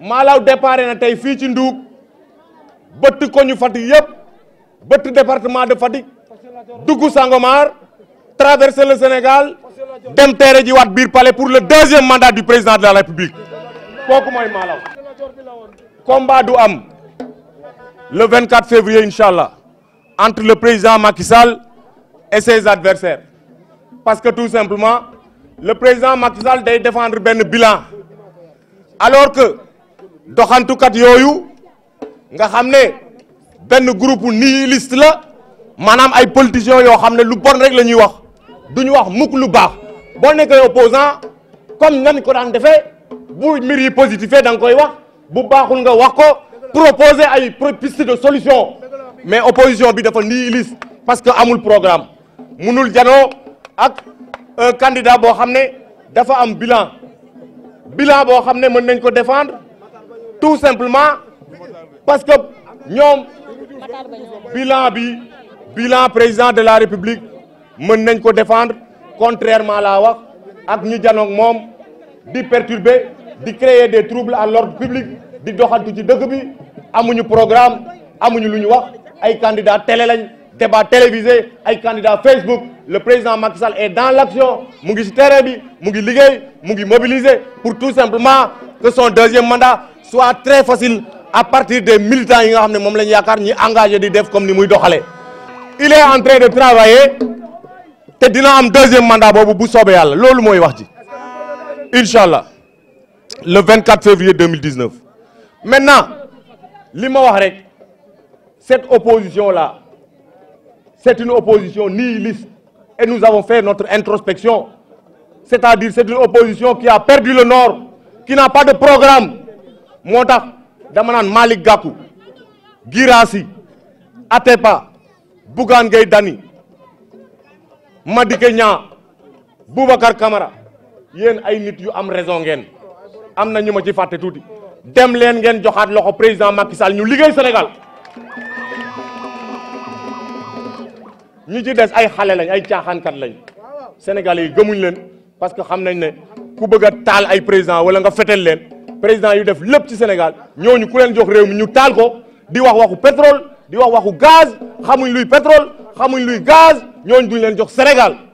maalaw déparé na tey fii ci Nduug bëtt koñu Fatick yëpp bëtt département de Fatick dugg Sangomar traversé le Sénégal dem teere ji waat biir palais pour le deuxième mandat du président de la République kooku mooy maalaw combat du am le 24 février incha allah entre le président Macky Sall et ses adversaires parce que tout simplement le président Macky Sall day défendre benn bilan alors que doxantukat yooyu nga xam ne benn ni nihiliste la maanaam ay politiciens yoo xam ne lu bon rek la ñuy wax duñu wax mukk lu baax boo nekkee opposant comme nan ko daan defee bu mbir yi positifé da nga koy wax bu baaxul nga wax ko proposer ay piste de solution mais opposition bi dafa nihiliste parce que amul programme munul janoo ak un candidat boo xam ne dafa am bilan bilan boo xam ne mën nañ ko défendre tout simplement parce que ñoom bilan bi bilan président de la république mën nañ ko défendre contrairement laa wax ak ñu janoog moom di perturber di créer des troubles à l'ordre public di doxantu ci dëkk bi amuñu programme amuñu lu ñu wax ay candidats télé lañ débat télévisé ay candidats Facebook le président Macky Sall est dans l'action mu ngi ci terrain bi mu ngi liggéey mu ngi mobiliser pour tout simplement que son deuxième mandat soit très facile à partir des militants yi nga xam ne moom la ñu yaakaar ñi engagé di def comme ni muy doxalee il est en train de travailler te dina am deuxième mandat boobu bu soobee yàlla loolu mooy wax ji incha allah le 24 février 2019 maintenant li ma wax rek cette opposition là c'est une opposition nihiliste et nous avons fait notre introspection c'est-à-dire c'est une opposition qui a perdu le nord qui n'a pas de programme moo tax dama naan Malick Gakou Guirassy Atepa Bougane Gueye Dany Madické Niang Boubacar Camara yéen ay nit yu am raison ngeen am na ñu ma ci fàtte tuuti dem leen ngeen joxaat loxo président Macky Sall ñu liggéey Sénégal ñi ci des ay xale lañ ay caaxaankat lañ Sénégalais yi gëmuñ leen parce que xam nañ ne ku bëgg a taal ay président wala nga fetel leen président yu def lépp ci Sénégal ñooñu ku leen jok réew mi ñu taal ko di wax waxu pétrole di wax waku gaz xamuñ luy pétrole xamuñ luy gaz ñooñu du leen jox Sénégal